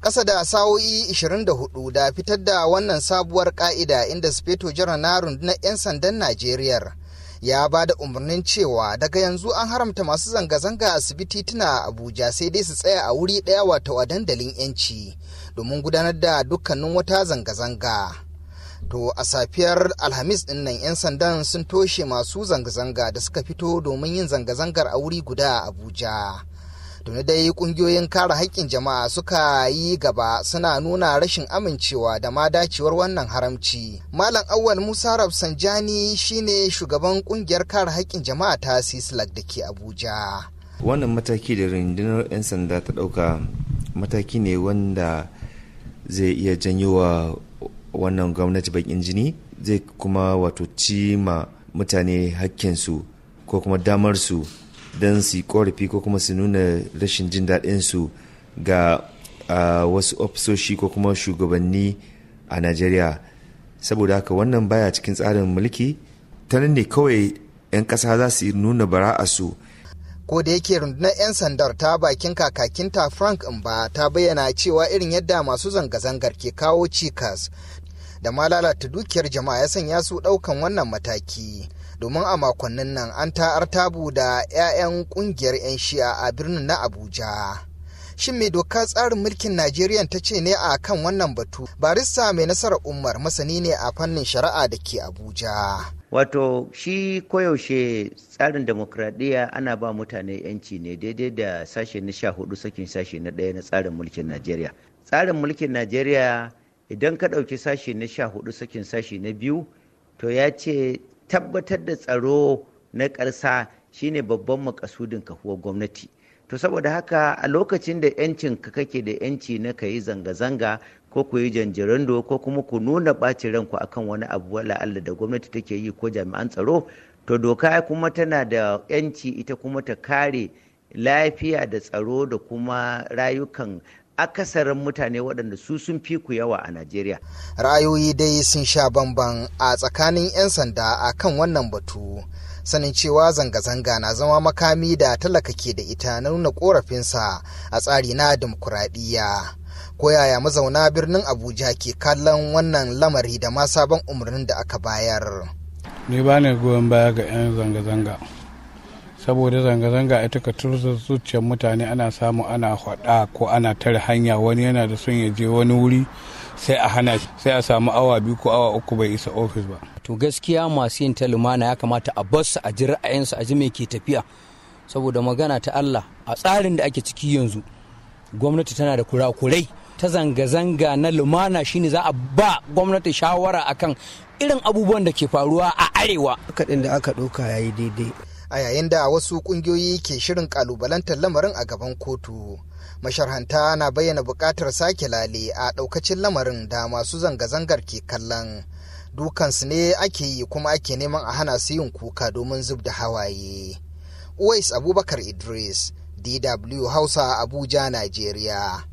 ƙasa da sa'o'i 24 da fitar da wannan sabuwar ƙa'ida inda sufeto jiran na rundunar 'yan sandan najeriya ya ba da umarnin cewa daga yanzu an haramta masu zanga-zanga asibiti a abuja sai dai su tsaya a wuri ɗaya wato a dandalin 'yanci domin gudanar da dukkanin wata zanga-zanga to a safiyar alhamis ɗinnan nan 'yan sandan sun toshe masu zanga-zanga da suka fito domin yin zanga-zangar a wuri guda a abuja tuni dai kungiyoyin kare haƙƙin jama'a suka yi gaba suna nuna rashin amincewa da ma dacewar wannan haramci malam awwal musa rafsanjani shine shugaban kungiyar kare haƙƙin jama'a ta sislak da ke abuja wannan mataki da rundunar 'yan sanda ta ɗauka mataki ne wanda zai iya janyo wa wannan gwamnati bakin jini zai kuma wato ma mutane hakkinsu ko kuma damarsu don su yi korafi ko kuma su nuna rashin jin daɗinsu ga wasu ofisoshi ko kuma shugabanni a najeriya saboda haka wannan baya cikin tsarin mulki ta nan ne kawai 'yan ƙasa za su nuna bara'a su ko da yake rundunar 'yan sandar ta bakin kakakinta frank mba ta bayyana cewa irin yadda masu zanga-zangar ke kawo cikas da ma lalata dukiyar jama'a ya sanya su ɗaukan wannan mataki domin a makonnin nan an ta'ar tabu da 'ya'yan kungiyar 'yan shi'a a birnin na abuja shin mai doka tsarin mulkin najeriya ta ce ne a kan wannan batu barista mai nasarar umar masani ne a fannin shari'a da ke abuja wato shi koyaushe tsarin demokradiyya ana ba mutane yanci ne daidai da sashe na sha hudu sakin sashe na ɗaya na tsarin mulkin najeriya tsarin mulkin najeriya idan ka ɗauki sashe na sha hudu sakin sashe na biyu to ya ce tabbatar da tsaro na ƙarsa shine babban makasudin kafuwar gwamnati to saboda haka a lokacin da yancin ka kake da yanci na ka yi zanga-zanga ko ku yi janjirando ko kuma ku nuna ɓacin ranku akan wani abu wala Allah da gwamnati take yi ko jami'an tsaro to doka kuma tana da yanci ita kuma ta kare lafiya da tsaro da kuma rayukan akasarin mutane waɗanda su sun fi ku yawa a Najeriya. Ra'ayoyi dai sun sha bamban a tsakanin 'yan sanda a kan wannan batu. Sanin cewa zanga-zanga na zama makami da talaka ke da ita na nuna korafinsa a tsari na dimokuraɗiyya. Ko yaya mazauna birnin Abuja ke kallon wannan lamari da ma sabon umarnin da aka bayar. Ni ba ne goyon baya ga 'yan zanga-zanga. saboda zanga-zanga ita ka zuciyar mutane ana samu ana hada ko ana tare hanya wani yana da son ya je wani wuri sai a hana sai a samu awa biyu ko awa uku bai isa ofis ba to gaskiya masu yin ta lumana ya kamata a bar a ji ra'ayinsu a ji me ke tafiya saboda magana ta Allah a tsarin da ake ciki yanzu gwamnati tana da kurakurai ta zanga-zanga na lumana shine za a ba gwamnati shawara akan irin abubuwan da ke faruwa a arewa kaɗin da aka ɗauka ya yi daidai a yayin da wasu kungiyoyi ke shirin kalubalantar lamarin a gaban kotu masharhanta na bayyana buƙatar sake lale a ɗaukacin lamarin da masu zanga-zangar ke kallon dukansu ne ake yi kuma ake neman a hana su yin kuka domin zub da hawaye uwais abubakar idris dw hausa abuja nigeria